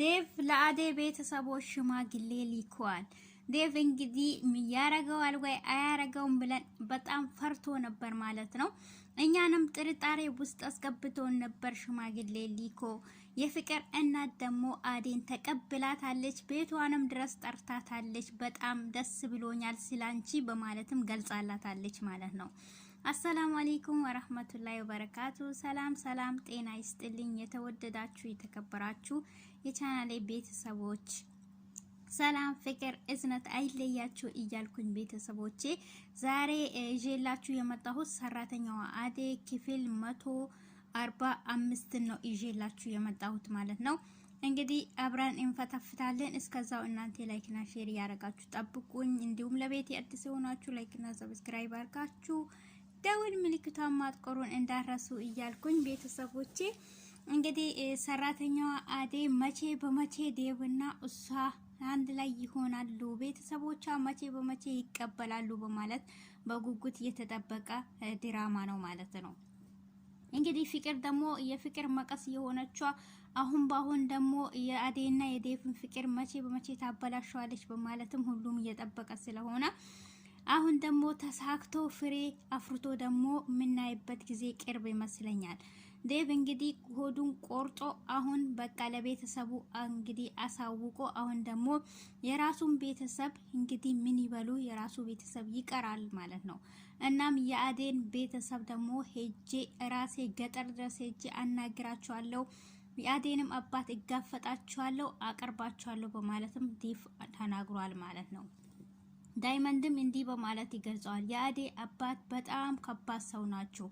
ዴቭ ለአዴ ቤተሰቦች ሽማግሌ ልኳል። ዴቭ እንግዲህ ያረገዋል ወይ አያረገውም ብለን በጣም ፈርቶ ነበር ማለት ነው። እኛንም ጥርጣሬ ውስጥ አስገብቶን ነበር። ሽማግሌ ሊኮ የፍቅር እናት ደግሞ አዴን ተቀብላታለች፣ ቤቷንም ድረስ ጠርታታለች። በጣም ደስ ብሎኛል ስላንቺ በማለትም ገልጻላታለች ማለት ነው። አሰላሙ አሌይኩም ወረህመቱላይ ወበረካቱ። ሰላም ሰላም፣ ጤና ይስጥልኝ የተወደዳችሁ የተከበራችሁ የቻናሌ ቤተሰቦች ሰላም ፍቅር እዝነት አይለያችሁ እያልኩኝ ቤተሰቦቼ ዛሬ ይዤላችሁ የመጣሁት ሰራተኛዋ አደይ ክፍል መቶ አርባ አምስት ነው ይዤላችሁ የመጣሁት ማለት ነው። እንግዲህ አብረን እንፈታፍታለን። እስከዛው እናንተ ላይክና ሼር እያረጋችሁ ጠብቁኝ። እንዲሁም ለቤት አዲስ የሆናችሁ ላይክና ሰብስክራይብ አርጋችሁ ደውል ምልክቷን ማጥቆሩን እንዳረሱ እያልኩኝ ቤተሰቦቼ እንግዲህ ሰራተኛዋ አዴ መቼ በመቼ ዴብና እሷ አንድ ላይ ይሆናሉ፣ ቤተሰቦቿ መቼ በመቼ ይቀበላሉ በማለት በጉጉት የተጠበቀ ድራማ ነው ማለት ነው። እንግዲህ ፍቅር ደግሞ የፍቅር መቀስ የሆነችዋ አሁን በአሁን ደግሞ የአዴና የዴቭን ፍቅር መቼ በመቼ ታበላሸዋለች በማለትም ሁሉም እየጠበቀ ስለሆነ አሁን ደግሞ ተሳክቶ ፍሬ አፍርቶ ደግሞ የምናይበት ጊዜ ቅርብ ይመስለኛል። ዴቭ እንግዲህ ሆዱን ቆርጦ አሁን በቃ ለቤተሰቡ እንግዲህ አሳውቆ አሁን ደግሞ የራሱን ቤተሰብ እንግዲህ ምን ይበሉ የራሱ ቤተሰብ ይቀራል ማለት ነው። እናም የአዴን ቤተሰብ ደግሞ ሄጄ ራሴ ገጠር ድረስ ሄጄ አናግራቸዋለሁ፣ የአዴንም አባት እጋፈጣቸዋለሁ፣ አቀርባቸዋለሁ በማለትም ዴቭ ተናግሯል ማለት ነው። ዳይመንድም እንዲህ በማለት ይገልጸዋል። የአዴ አባት በጣም ከባድ ሰው ናቸው።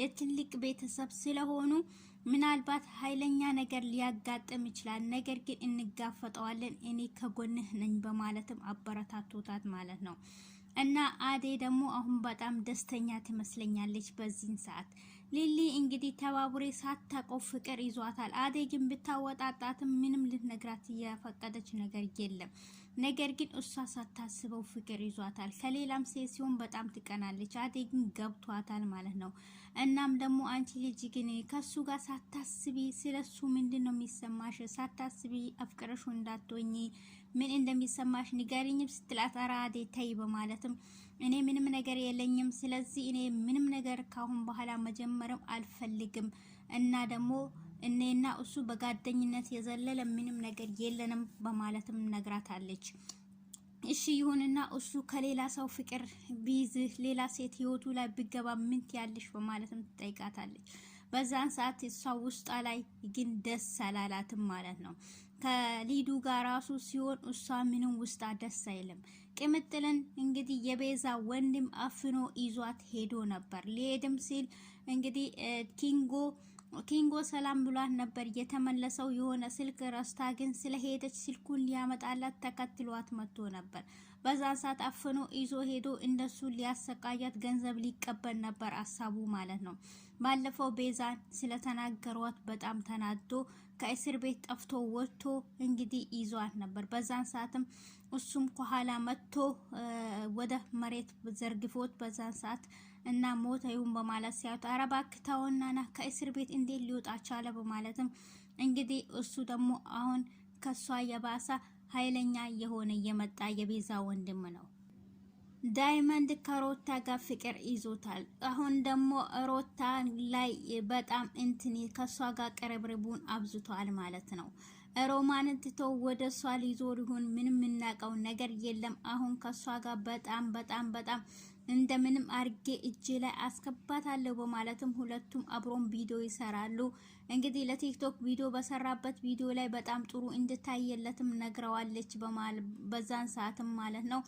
የትልቅ ቤተሰብ ስለሆኑ ምናልባት ኃይለኛ ነገር ሊያጋጥም ይችላል፣ ነገር ግን እንጋፈጠዋለን፣ እኔ ከጎንህ ነኝ በማለትም አበረታቶታት ማለት ነው። እና አዴ ደግሞ አሁን በጣም ደስተኛ ትመስለኛለች። በዚህን ሰዓት ሊሊ እንግዲህ ተባቡሬ ሳታቆ ፍቅር ይዟታል። አዴ ግን ብታወጣጣትም ምንም ልትነግራት እያፈቀደች ነገር የለም። ነገር ግን እሷ ሳታስበው ፍቅር ይዟታል። ከሌላም ሴት ሲሆን በጣም ትቀናለች። አዴ ግን ገብቷታል ማለት ነው። እናም ደግሞ አንቺ ልጅ ግን ከሱ ጋር ሳታስቢ ስለሱ ምንድን ነው የሚሰማሽ? ሳታስቢ አፍቅረሹ እንዳትሆኚ ምን እንደሚሰማሽ ንገሪኝም ስትላት አራዴ ተይ በማለትም እኔ ምንም ነገር የለኝም፣ ስለዚህ እኔ ምንም ነገር ካሁን በኋላ መጀመርም አልፈልግም እና ደግሞ እኔና እሱ በጓደኝነት የዘለለ ምንም ነገር የለንም በማለትም ነግራታለች። እሺ ይሁንና እሱ ከሌላ ሰው ፍቅር ቢይዝህ ሌላ ሴት ህይወቱ ላይ ቢገባ ምን ትያለሽ? በማለትም ትጠይቃታለች። በዛን ሰዓት እሷ ውስጧ ላይ ግን ደስ አላላትም ማለት ነው። ከሊዱ ጋር ራሱ ሲሆን እሷ ምንም ውስጣ ደስ አይልም። ቅምጥልን እንግዲህ የቤዛ ወንድም አፍኖ ይዟት ሄዶ ነበር። ሊሄድም ሲል እንግዲህ ኪንጎ ኪንጎ ሰላም ብሏት ነበር የተመለሰው። የሆነ ስልክ ረስታ ግን ስለሄደች ስልኩን ሊያመጣላት ተከትሏት መጥቶ ነበር። በዛ ሰዓት አፍኖ ይዞ ሄዶ እንደሱ ሊያሰቃያት ገንዘብ ሊቀበል ነበር አሳቡ ማለት ነው። ባለፈው ቤዛን ስለተናገሯት በጣም ተናዶ ከእስር ቤት ጠፍቶ ወጥቶ እንግዲህ ይዟት ነበር። በዛን ሰዓትም እሱም ከኋላ መጥቶ ወደ መሬት ዘርግፎት በዛን ሰዓት እና ሞተ ይሁን በማለት ሲያዩት ኧረ እባክህ ተውና ና ከእስር ቤት እንዴት ሊወጣ ቻለ በማለትም እንግዲህ እሱ ደግሞ አሁን ከሷ የባሰ ኃይለኛ የሆነ የመጣ የቤዛ ወንድም ነው። ዳይመንድ ከሮታ ጋር ፍቅር ይዞታል። አሁን ደግሞ ሮታ ላይ በጣም እንትን ከሷ ጋር ቅርብርቡን አብዝቷል ማለት ነው። ሮማን ትቶ ወደ እሷ ሊዞር ይሁን ምንም የምናውቀው ነገር የለም። አሁን ከሷ ጋር በጣም በጣም በጣም እንደምንም አርጌ እጅ ላይ አስገባታለሁ በማለትም ሁለቱም አብሮን ቪዲዮ ይሰራሉ። እንግዲህ ለቲክቶክ ቪዲዮ በሰራበት ቪዲዮ ላይ በጣም ጥሩ እንድታየለትም ነግረዋለች በዛን ሰዓትም ማለት ነው።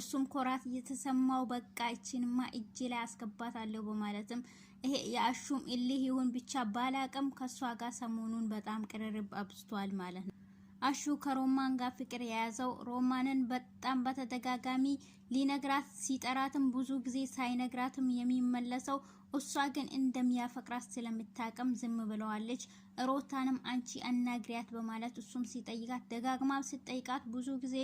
እሱም ኮራት እየተሰማው በቃ እቺንማ እጅ ላይ አስገባታለሁ በማለትም ይሄ የአሹም እልህ ይሁን ብቻ ባላቅም ከሷ ጋር ሰሞኑን በጣም ቅርርብ አብዝቷል ማለት ነው። አሹ ከሮማን ጋር ፍቅር የያዘው ሮማንን በጣም በተደጋጋሚ ሊነግራት ሲጠራትም ብዙ ጊዜ ሳይነግራትም የሚመለሰው እሷ ግን እንደሚያፈቅራት ስለምታቅም ዝም ብለዋለች። ሮታንም አንቺ አናግሪያት በማለት እሱም ሲጠይቃት ደጋግማ ስትጠይቃት ብዙ ጊዜ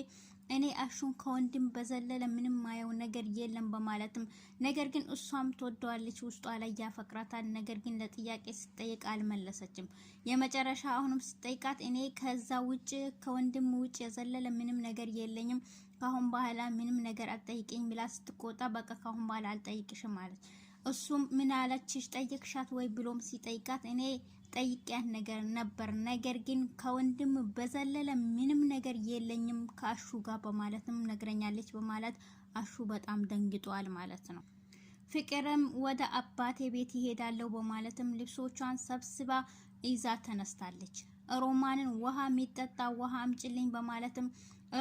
እኔ አሹን ከወንድም በዘለለ ምንም ማየው ነገር የለም በማለትም ነገር ግን እሷም ትወደዋለች፣ ውስጧ ላይ ያፈቅራታል። ነገር ግን ለጥያቄ ስጠይቅ አልመለሰችም። የመጨረሻ አሁንም ስጠይቃት እኔ ከዛ ውጭ ከወንድም ውጭ የዘለለ ምንም ነገር የለኝም፣ ካሁን በኋላ ምንም ነገር አልጠይቅኝ ብላ ስትቆጣ በቃ ካሁን በኋላ አልጠይቅሽም አለች። እሱም ምን አለችሽ ጠየቅሻት ወይ ብሎም ሲጠይቃት እኔ ጠይቂያት ነገር ነበር። ነገር ግን ከወንድም በዘለለ ምንም ነገር የለኝም ከአሹ ጋር በማለትም ነግረኛለች በማለት አሹ በጣም ደንግጧል ማለት ነው። ፍቅርም ወደ አባቴ ቤት ይሄዳለሁ በማለትም ልብሶቿን ሰብስባ ይዛ ተነስታለች። ሮማንን ውሃ የሚጠጣ ውሃ አምጭልኝ በማለትም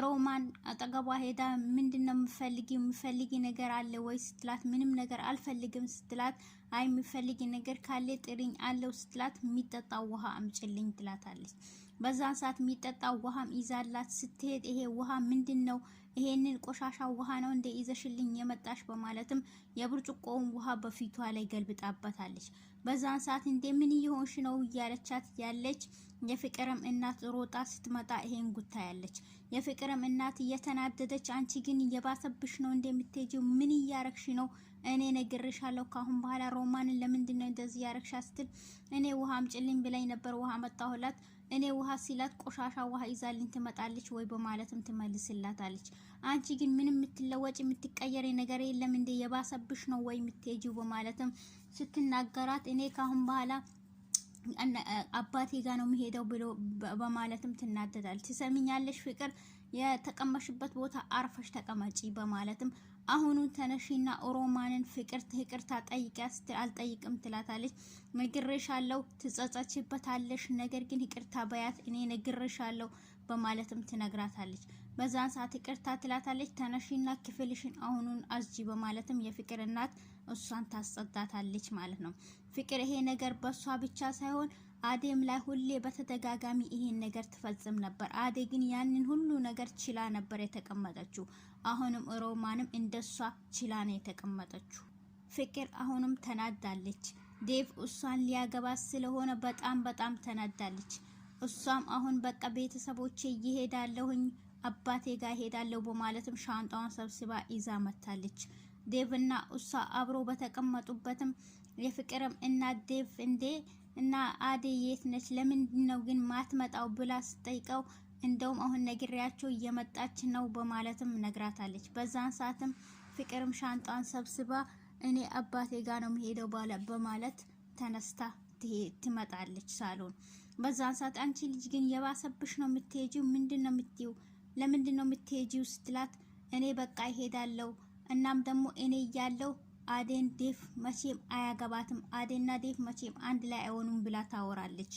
ሮማን አጠገቧ ሄዳ ምንድነው የምፈልጊ የምፈልጊ ነገር አለ ወይ ስትላት ምንም ነገር አልፈልግም ስትላት አይ የምፈልግ ነገር ካለ ጥሪኝ አለው ስትላት የሚጠጣ ውሃ አምጭልኝ ትላታለች። በዛን ሰዓት የሚጠጣ ውሃም ይዛላት ስትሄድ ይሄ ውሃ ምንድን ነው? ይሄንን ቆሻሻ ውሃ ነው እንደ ይዘሽልኝ የመጣሽ በማለትም የብርጭቆውን ውሃ በፊቷ ላይ ገልብጣባታለች በዛን ሰዓት እንደ ምን እየሆንሽ ነው እያለቻት ያለች የፍቅርም እናት ሮጣ ስትመጣ ይሄን ጉታ ያለች የፍቅርም እናት እየተናደደች አንቺ ግን እየባሰብሽ ነው እንደምትሄጂው ምን እያረግሽ ነው እኔ ነግሬሻለሁ ካሁን በኋላ ሮማንን ለምንድን ነው እንደዚህ ያረግሻ ስትል እኔ ውሃ አምጭልኝ ብላኝ ነበር ውሃ መጣሁላት እኔ ውሃ ሲላት ቆሻሻ ውሃ ይዛልኝ ትመጣለች ወይ በማለትም ትመልስላታለች። አንቺ ግን ምንም የምትለወጭ የምትቀየር ነገር የለም እንዴ የባሰብሽ ነው ወይ የምትሄጂው በማለትም ስትናገራት እኔ ካሁን በኋላ አባቴ ጋ ነው የሚሄደው ብሎ በማለትም ትናደዳለች። ትሰሚኛለሽ ፍቅር የተቀመሽበት ቦታ አርፈሽ ተቀመጪ በማለትም አሁኑ ተነሺና ኦሮማንን ፍቅር ይቅርታ ጠይቂያት ስትል አልጠይቅም ትላታለች። ነግሬሻለሁ፣ ትጸጸችበታለሽ፣ ነገር ግን ይቅርታ በያት እኔ ነግሬሻለሁ በማለትም ትነግራታለች። በዛን ሰዓት ይቅርታ ትላታለች። ተነሺና ክፍልሽን አሁኑን አዝጂ በማለትም የፍቅር እናት እሷን ታስጸዳታለች ማለት ነው። ፍቅር ይሄ ነገር በሷ ብቻ ሳይሆን አዴም ላይ ሁሌ በተደጋጋሚ ይሄን ነገር ትፈጽም ነበር። አዴ ግን ያንን ሁሉ ነገር ችላ ነበር የተቀመጠችው። አሁንም ሮማንም እንደሷ ችላ ነው የተቀመጠችው። ፍቅር አሁንም ተናዳለች። ዴቭ እሷን ሊያገባ ስለሆነ በጣም በጣም ተናዳለች። እሷም አሁን በቃ ቤተሰቦቼ እየሄዳለሁኝ አባቴ ጋር ሄዳለሁ በማለትም ሻንጣዋን ሰብስባ ይዛ መታለች። ዴቭና እሷ አብሮ በተቀመጡበትም የፍቅርም እና ዴቭ እንዴ እና አዴ የት ነች? ለምንድን ነው ግን ማትመጣው ብላ ስጠይቀው እንደውም አሁን ነግሬያቸው እየመጣች ነው በማለትም ነግራታለች። በዛን ሰዓትም ፍቅርም ሻንጣን ሰብስባ እኔ አባቴ ጋር ነው የምሄደው በማለት ተነስታ ትመጣለች ሳሎን። በዛን ሰዓት አንቺ ልጅ ግን የባሰብሽ ነው የምትሄጂው፣ ምንድን ነው የምትይው? ለምንድን ነው የምትሄጂው ስትላት እኔ በቃ ይሄዳለሁ። እናም ደግሞ እኔ እያለው አዴን ዴፍ መቼም አያገባትም፣ አዴና ዴፍ መቼም አንድ ላይ አይሆኑም ብላ ታወራለች።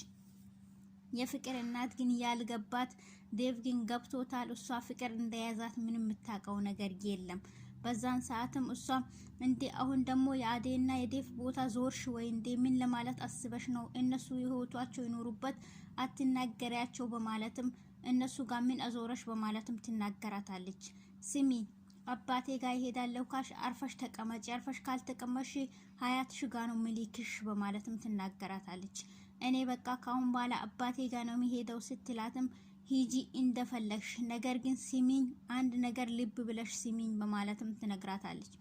የፍቅር እናት ግን ያልገባት ዴቭ ግን ገብቶታል። እሷ ፍቅር እንደያዛት ምንም የምታውቀው ነገር የለም። በዛን ሰዓትም እሷ እንዴ አሁን ደግሞ የአዴና የዴፍ ቦታ ዞርሽ ወይ እንዴ? ምን ለማለት አስበሽ ነው? እነሱ የህይወቷቸው ይኖሩበት አትናገሪያቸው በማለትም እነሱ ጋር ምን አዞረሽ በማለትም ትናገራታለች። ስሚ አባቴ ጋር ይሄዳለሁ ካሽ አርፈሽ ተቀመጭ፣ አርፈሽ ካልተቀመሽ ሀያት ሽጋ ነው ምልክሽ በማለትም ትናገራታለች። እኔ በቃ ካሁን በኋላ አባቴ ጋር ነው የሚሄደው ስትላትም ሂጂ እንደፈለግሽ፣ ነገር ግን ሲሚኝ አንድ ነገር ልብ ብለሽ ሲሚኝ በማለትም ትነግራታለች።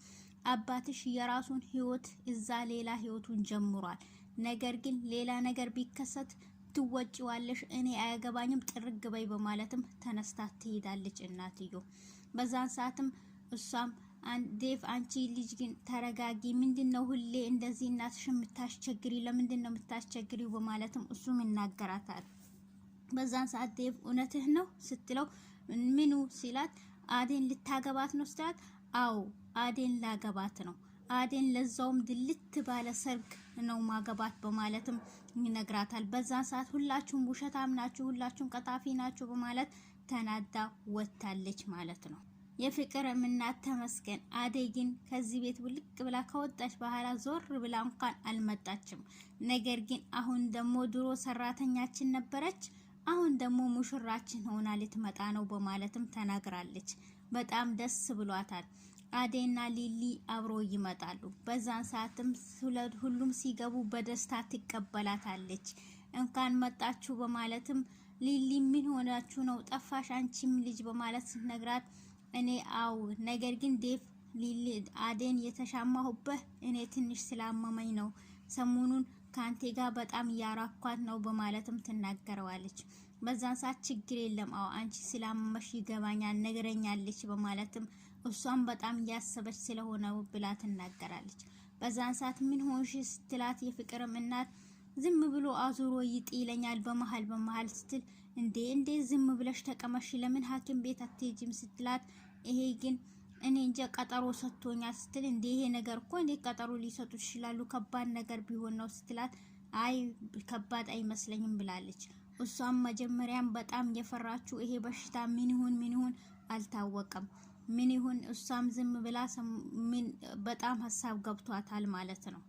አባትሽ የራሱን ህይወት እዛ ሌላ ህይወቱን ጀምሯል። ነገር ግን ሌላ ነገር ቢከሰት ትወጪዋለሽ፣ እኔ አያገባኝም፣ ጥርግ በይ በማለትም ተነስታ ትሄዳለች እናትዮ በዛን ሰዓትም እሷም ዴቭ አንቺ ልጅ ግን ተረጋጊ፣ ምንድን ነው ሁሌ እንደዚህ እናትሽ የምታስቸግሪ? ለምንድን ነው የምታስቸግሪ? በማለትም እሱም ይናገራታል። በዛን ሰዓት ዴቭ እውነትህ ነው ስትለው ምኑ ሲላት አዴን ልታገባት ነው ስትላት፣ አዎ አዴን ላገባት ነው አዴን ለዛውም ድልት ባለ ሰርግ ነው ማገባት በማለትም ይነግራታል። በዛን ሰዓት ሁላችሁም ውሸታም ናችሁ፣ ሁላችሁም ቀጣፊ ናችሁ በማለት ተናዳ ወጥታለች ማለት ነው። የፍቅር እናት ተመስገን አደይ ግን ከዚህ ቤት ውልቅ ብላ ከወጣች በኋላ ዞር ብላ እንኳን አልመጣችም። ነገር ግን አሁን ደግሞ ድሮ ሰራተኛችን ነበረች፣ አሁን ደግሞ ሙሽራችን ሆና ልትመጣ ነው በማለትም ተናግራለች። በጣም ደስ ብሏታል። አዴና ሊሊ አብሮ ይመጣሉ። በዛን ሰዓትም ሁሉም ሲገቡ በደስታ ትቀበላታለች። እንኳን መጣችሁ በማለትም ሊሊ ምን ሆናችሁ ነው ጠፋሽ አንቺም ልጅ በማለት ስትነግራት እኔ አው ነገር ግን ዴፍ ሊል አዴን የተሻማሁበት እኔ ትንሽ ስላመመኝ ነው። ሰሞኑን ከአንቴ ጋር በጣም እያራኳት ነው በማለትም ትናገረዋለች። በዛን ሰዓት ችግር የለም አው አንቺ ስላመመሽ ይገባኛል፣ ነገረኛለች በማለትም እሷን በጣም እያሰበች ስለሆነ ብላ ትናገራለች። በዛን ሰዓት ምን ሆንሽ ስትላት የፍቅርም እናት ዝም ብሎ አዙሮ ይጥ ይለኛል በመሀል በመሀል ስትል እንዴ እንዴ ዝም ብለሽ ተቀመሽ ለምን ሐኪም ቤት አትሄጂም ስትላት ይሄ ግን እኔ እንጃ ቀጠሮ ሰጥቶኛል ስትል እንዴ ይሄ ነገር እኮ እንዴት ቀጠሮ ሊሰጡ ይችላሉ? ከባድ ነገር ቢሆን ነው ስትላት አይ ከባድ አይመስለኝም ብላለች። እሷም መጀመሪያም በጣም የፈራችው ይሄ በሽታ ምን ይሁን ምን ይሁን አልታወቀም። ምን ይሁን እሷም ዝም ብላ ምን በጣም ሀሳብ ገብቷታል ማለት ነው።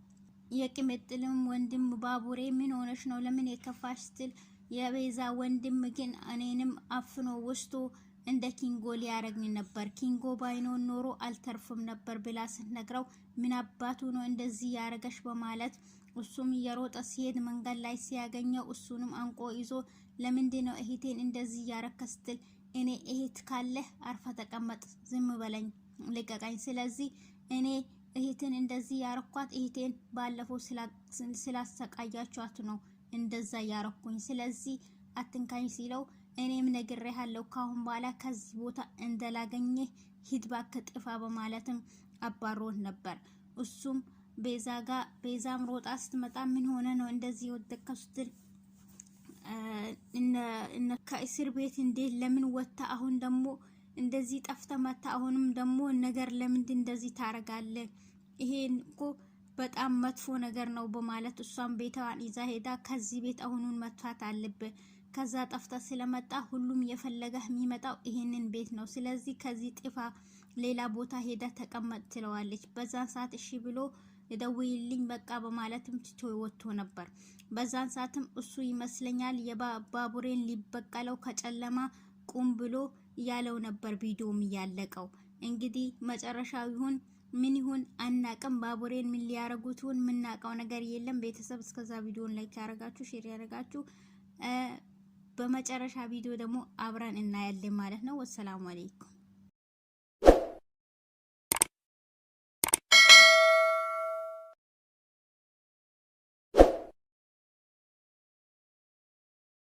የቅምጥልም ወንድም ባቡሬ ምን ሆነሽ ነው ለምን የከፋሽ ስትል የቤዛ ወንድም ግን እኔንም አፍኖ ውስጡ እንደ ኪንጎ ሊያረግኝ ነበር። ኪንጎ ባይኖን ኖሮ አልተርፍም ነበር ብላ ስትነግረው ምን አባቱ ነው እንደዚህ ያረገሽ በማለት እሱም እየሮጠ ሲሄድ መንገድ ላይ ሲያገኘው እሱንም አንቆ ይዞ ለምንድ ነው እህቴን እንደዚህ እያረከ ስትል እኔ እህት ካለህ አርፈ ተቀመጥ፣ ዝም በለኝ፣ ልቀቀኝ። ስለዚህ እኔ እህትን እንደዚህ ያረኳት እህቴን ባለፈው ስላሰቃያቸዋት ነው እንደዛ ያረኩኝ፣ ስለዚህ አትንካኝ ሲለው እኔም ነግሬሃለሁ ካሁን በኋላ ከዚህ ቦታ እንደላገኘ ሂድባ ከጥፋ በማለትም አባሮት ነበር። እሱም ቤዛ ጋ ቤዛም ሮጣ ስትመጣ ምን ሆነ ነው እንደዚህ የወደቀው ስትል ከእስር ቤት እንዴት ለምን ወጥታ አሁን ደግሞ እንደዚህ ጠፍተ መታ አሁንም ደግሞ ነገር ለምንድን እንደዚህ ታረጋለ? ይሄን እኮ በጣም መጥፎ ነገር ነው በማለት እሷም ቤተዋን ይዛ ሄዳ ከዚህ ቤት አሁኑን መጥፋት አለብህ፣ ከዛ ጠፍታ ስለመጣ ሁሉም የፈለገህ የሚመጣው ይሄንን ቤት ነው፣ ስለዚህ ከዚህ ጥፋ፣ ሌላ ቦታ ሄዳ ተቀመጥ ትለዋለች። በዛን ሰዓት እሺ ብሎ ደውይልኝ በቃ በማለትም ትቶ ወጥቶ ነበር። በዛን ሰዓትም እሱ ይመስለኛል የባቡሬን ሊበቀለው ከጨለማ ቁም ብሎ እያለው ነበር። ቪዲዮም እያለቀው እንግዲህ መጨረሻው ይሁን ምን ይሁን አናቅም። ባቡሬን ምን ሊያረጉት ይሁን የምናውቀው ነገር የለም። ቤተሰብ እስከዛ ቪዲዮን ላይክ ያረጋችሁ፣ ሼር ያረጋችሁ፣ በመጨረሻ ቪዲዮ ደግሞ አብረን እናያለን ማለት ነው። ወሰላሙ አለይኩም